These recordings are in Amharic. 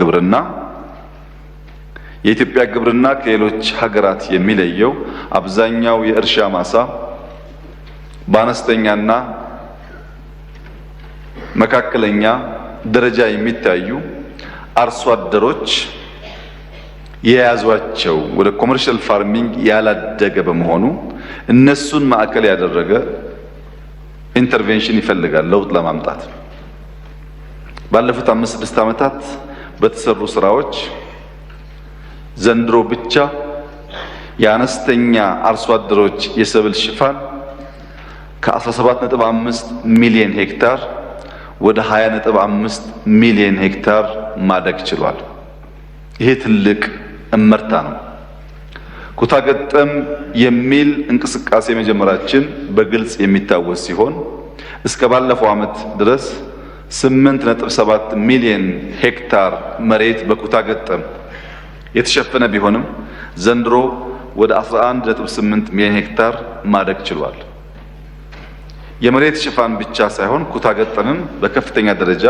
ግብርና የኢትዮጵያ ግብርና ከሌሎች ሀገራት የሚለየው አብዛኛው የእርሻ ማሳ በአነስተኛና መካከለኛ ደረጃ የሚታዩ አርሶ አደሮች የያዟቸው ወደ ኮመርሻል ፋርሚንግ ያላደገ በመሆኑ እነሱን ማዕከል ያደረገ ኢንተርቬንሽን ይፈልጋል ለውጥ ለማምጣት ባለፉት አምስት ስድስት ዓመታት በተሰሩ ስራዎች ዘንድሮ ብቻ የአነስተኛ አርሶ አደሮች የሰብል ሽፋን ከ17.5 ሚሊዮን ሄክታር ወደ 20.5 ሚሊዮን ሄክታር ማደግ ችሏል። ይሄ ትልቅ እመርታ ነው። ኩታ ገጠም የሚል እንቅስቃሴ መጀመራችን በግልጽ የሚታወስ ሲሆን እስከ ባለፈው ዓመት ድረስ 8.7 ሚሊዮን ሄክታር መሬት በኩታ ገጠም የተሸፈነ ቢሆንም ዘንድሮ ወደ 11.8 ሚሊዮን ሄክታር ማደግ ችሏል። የመሬት ሽፋን ብቻ ሳይሆን ኩታ ገጠምም በከፍተኛ ደረጃ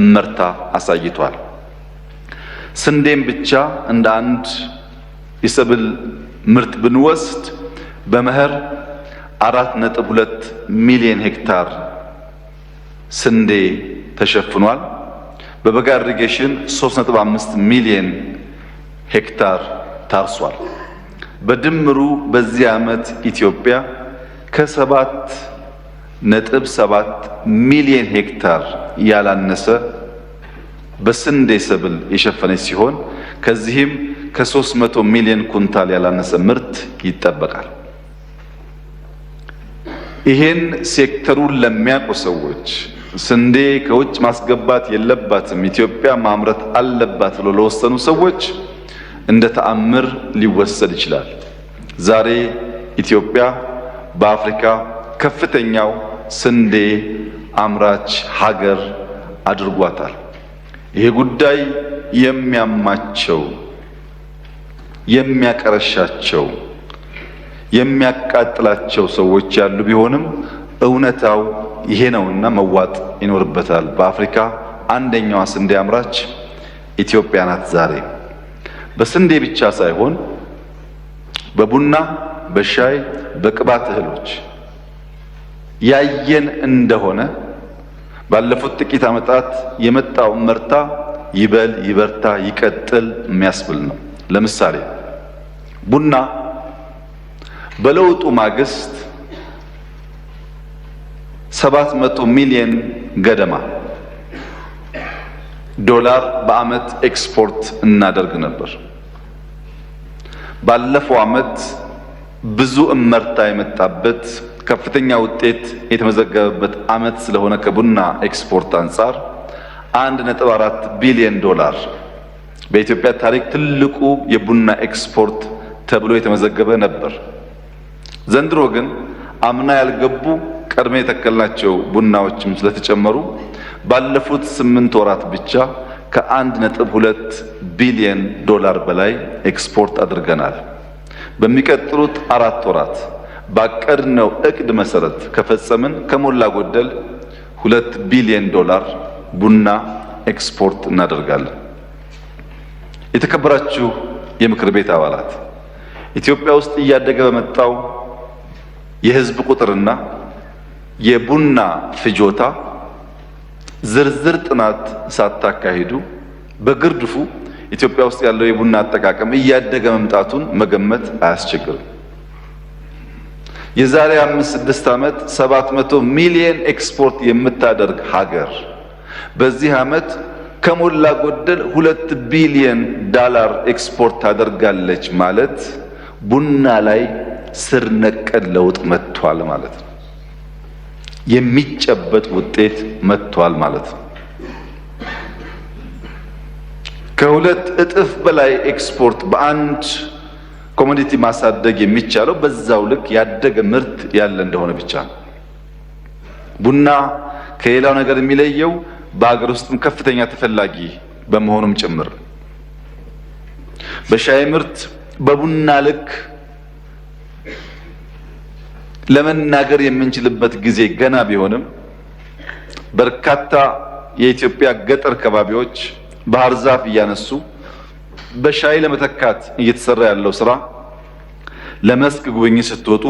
እመርታ አሳይቷል። ስንዴም ብቻ እንደ አንድ የሰብል ምርት ብንወስድ በመኸር 4.2 ሚሊዮን ሄክታር ስንዴ ተሸፍኗል። በበጋ ኢሪጌሽን 3.5 ሚሊዮን ሄክታር ታርሷል። በድምሩ በዚህ ዓመት ኢትዮጵያ ከሰባት ነጥብ ሰባት ሚሊዮን ሄክታር ያላነሰ በስንዴ ሰብል የሸፈነች ሲሆን ከዚህም ከ300 ሚሊዮን ኩንታል ያላነሰ ምርት ይጠበቃል። ይህን ሴክተሩን ለሚያውቁ ሰዎች ስንዴ ከውጭ ማስገባት የለባትም ኢትዮጵያ ማምረት አለባት ብሎ ለወሰኑ ሰዎች እንደ ተአምር ሊወሰድ ይችላል። ዛሬ ኢትዮጵያ በአፍሪካ ከፍተኛው ስንዴ አምራች ሀገር አድርጓታል። ይሄ ጉዳይ የሚያማቸው የሚያቀረሻቸው የሚያቃጥላቸው ሰዎች ያሉ ቢሆንም እውነታው ይሄ እና መዋጥ ይኖርበታል። በአፍሪካ አንደኛዋ ስንዴ አምራች ኢትዮጵያ ናት። ዛሬ በስንዴ ብቻ ሳይሆን በቡና፣ በሻይ፣ በቅባት እህሎች ያየን እንደሆነ ባለፉት ጥቂት ዓመታት የመጣው ምርታ ይበል ይበርታ ይቀጥል የሚያስብል ነው። ለምሳሌ ቡና በለውጡ ማግስት ሰባት መቶ ሚሊየን ገደማ ዶላር በአመት ኤክስፖርት እናደርግ ነበር። ባለፈው አመት ብዙ እመርታ የመጣበት ከፍተኛ ውጤት የተመዘገበበት አመት ስለሆነ ከቡና ኤክስፖርት አንጻር አንድ ነጥብ አራት ቢሊየን ዶላር በኢትዮጵያ ታሪክ ትልቁ የቡና ኤክስፖርት ተብሎ የተመዘገበ ነበር። ዘንድሮ ግን አምና ያልገቡ ቀድሜ የተከልናቸው ቡናዎችም ስለተጨመሩ ባለፉት ስምንት ወራት ብቻ ከአንድ ነጥብ ሁለት ቢሊየን ዶላር በላይ ኤክስፖርት አድርገናል። በሚቀጥሉት አራት ወራት ባቀድነው እቅድ መሰረት ከፈጸምን ከሞላ ጎደል ሁለት ቢሊየን ዶላር ቡና ኤክስፖርት እናደርጋለን። የተከበራችሁ የምክር ቤት አባላት ኢትዮጵያ ውስጥ እያደገ በመጣው የሕዝብ ቁጥርና የቡና ፍጆታ ዝርዝር ጥናት ሳታካሂዱ በግርድፉ ኢትዮጵያ ውስጥ ያለው የቡና አጠቃቀም እያደገ መምጣቱን መገመት አያስቸግርም። የዛሬ አምስት ስድስት ዓመት ሰባት መቶ ሚሊየን ኤክስፖርት የምታደርግ ሀገር በዚህ ዓመት ከሞላ ጎደል ሁለት ቢሊየን ዳላር ኤክስፖርት ታደርጋለች ማለት ቡና ላይ ስር ነቀል ለውጥ መጥቷል ማለት ነው። የሚጨበጥ ውጤት መጥቷል ማለት ነው። ከሁለት እጥፍ በላይ ኤክስፖርት በአንድ ኮሞዲቲ ማሳደግ የሚቻለው በዛው ልክ ያደገ ምርት ያለ እንደሆነ ብቻ ነው። ቡና ከሌላው ነገር የሚለየው በሀገር ውስጥም ከፍተኛ ተፈላጊ በመሆኑም ጭምር በሻይ ምርት በቡና ልክ ለመናገር የምንችልበት ጊዜ ገና ቢሆንም በርካታ የኢትዮጵያ ገጠር ከባቢዎች ባህር ዛፍ እያነሱ በሻይ ለመተካት እየተሰራ ያለው ስራ ለመስክ ጉብኝት ስትወጡ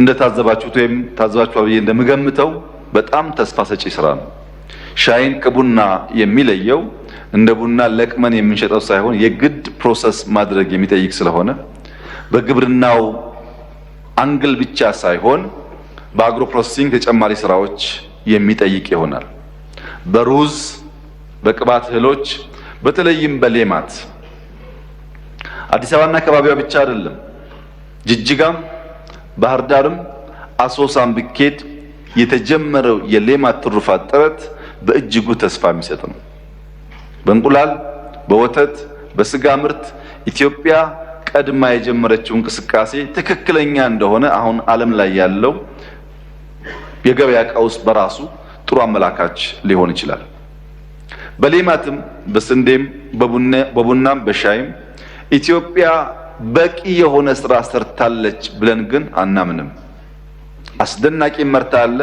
እንደታዘባችሁት ወይም ታዘባችሁ ብዬ እንደምገምተው በጣም ተስፋ ሰጪ ስራ ነው። ሻይን ከቡና የሚለየው እንደ ቡና ለቅመን የምንሸጠው ሳይሆን የግድ ፕሮሰስ ማድረግ የሚጠይቅ ስለሆነ በግብርናው አንግል ብቻ ሳይሆን በአግሮ ፕሮሰሲንግ ተጨማሪ ስራዎች የሚጠይቅ ይሆናል። በሩዝ በቅባት እህሎች በተለይም በሌማት አዲስ አበባና አካባቢዋ ብቻ አይደለም፣ ጅጅጋም፣ ባህር ዳርም አሶሳም ብኬድ የተጀመረው የሌማት ትሩፋት ጥረት በእጅጉ ተስፋ የሚሰጥ ነው። በእንቁላል፣ በወተት፣ በስጋ ምርት ኢትዮጵያ ቀድማ የጀመረችው እንቅስቃሴ ትክክለኛ እንደሆነ አሁን ዓለም ላይ ያለው የገበያ ቀውስ በራሱ ጥሩ አመላካች ሊሆን ይችላል። በሌማትም በስንዴም በቡናም በሻይም ኢትዮጵያ በቂ የሆነ ስራ ሰርታለች ብለን ግን አናምንም። አስደናቂ መርታ አለ፣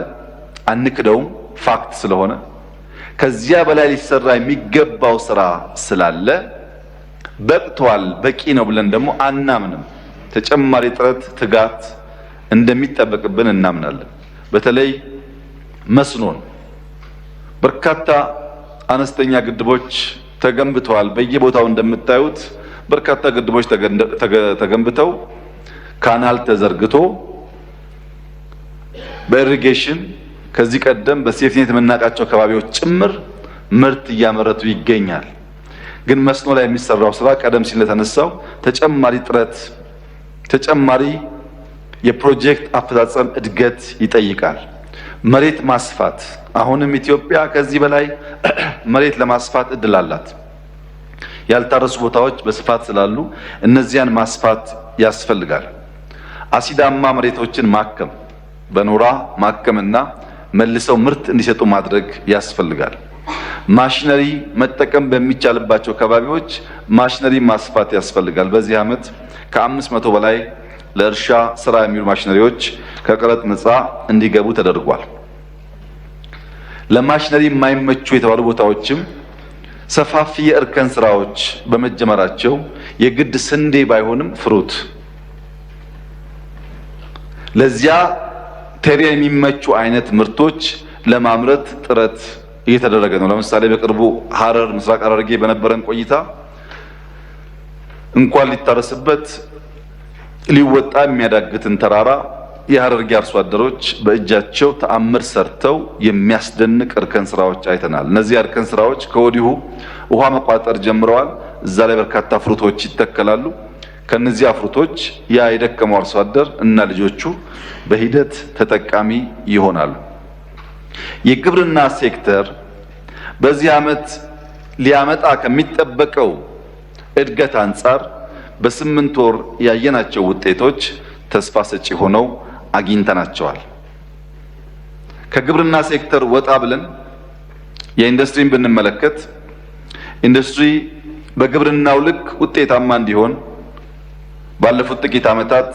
አንክደውም፣ ፋክት ስለሆነ ከዚያ በላይ ሊሰራ የሚገባው ስራ ስላለ በቅቷል፣ በቂ ነው ብለን ደግሞ አናምንም። ተጨማሪ ጥረት፣ ትጋት እንደሚጠበቅብን እናምናለን። በተለይ መስኖን በርካታ አነስተኛ ግድቦች ተገንብተዋል። በየቦታው እንደምታዩት በርካታ ግድቦች ተገንብተው ካናል ተዘርግቶ በኢሪጌሽን ከዚህ ቀደም በሴፍቲኔት የምናውቃቸው አካባቢዎች ጭምር ምርት እያመረቱ ይገኛል። ግን መስኖ ላይ የሚሰራው ስራ ቀደም ሲል ለተነሳው ተጨማሪ ጥረት ተጨማሪ የፕሮጀክት አፈጻጸም እድገት ይጠይቃል። መሬት ማስፋት አሁንም ኢትዮጵያ ከዚህ በላይ መሬት ለማስፋት እድል አላት። ያልታረሱ ቦታዎች በስፋት ስላሉ እነዚያን ማስፋት ያስፈልጋል። አሲዳማ መሬቶችን ማከም፣ በኖራ ማከምና መልሰው ምርት እንዲሰጡ ማድረግ ያስፈልጋል። ማሽነሪ መጠቀም በሚቻልባቸው አካባቢዎች ማሽነሪ ማስፋት ያስፈልጋል። በዚህ ዓመት ከአምስት መቶ በላይ ለእርሻ ስራ የሚውሉ ማሽነሪዎች ከቀረጥ ነፃ እንዲገቡ ተደርጓል። ለማሽነሪ የማይመቹ የተባሉ ቦታዎችም ሰፋፊ የእርከን ስራዎች በመጀመራቸው የግድ ስንዴ ባይሆንም ፍሩት ለዚያ ቴሬን የሚመቹ አይነት ምርቶች ለማምረት ጥረት እየተደረገ ነው። ለምሳሌ በቅርቡ ሀረር፣ ምስራቅ ሐረርጌ በነበረን ቆይታ እንኳን ሊታረስበት ሊወጣ የሚያዳግትን ተራራ የሀረርጌ አርሶ አደሮች በእጃቸው ተአምር ሰርተው የሚያስደንቅ እርከን ስራዎች አይተናል። እነዚህ እርከን ስራዎች ከወዲሁ ውሃ መቋጠር ጀምረዋል። እዛ ላይ በርካታ ፍሩቶች ይተከላሉ። ከነዚህ ፍሩቶች ያ የደከመው አርሶ አደር እና ልጆቹ በሂደት ተጠቃሚ ይሆናሉ። የግብርና ሴክተር በዚህ ዓመት ሊያመጣ ከሚጠበቀው እድገት አንጻር በስምንት ወር ያየናቸው ውጤቶች ተስፋ ሰጪ ሆነው አግኝተናቸዋል። ከግብርና ሴክተር ወጣ ብለን የኢንዱስትሪን ብንመለከት ኢንዱስትሪ በግብርናው ልክ ውጤታማ እንዲሆን ባለፉት ጥቂት ዓመታት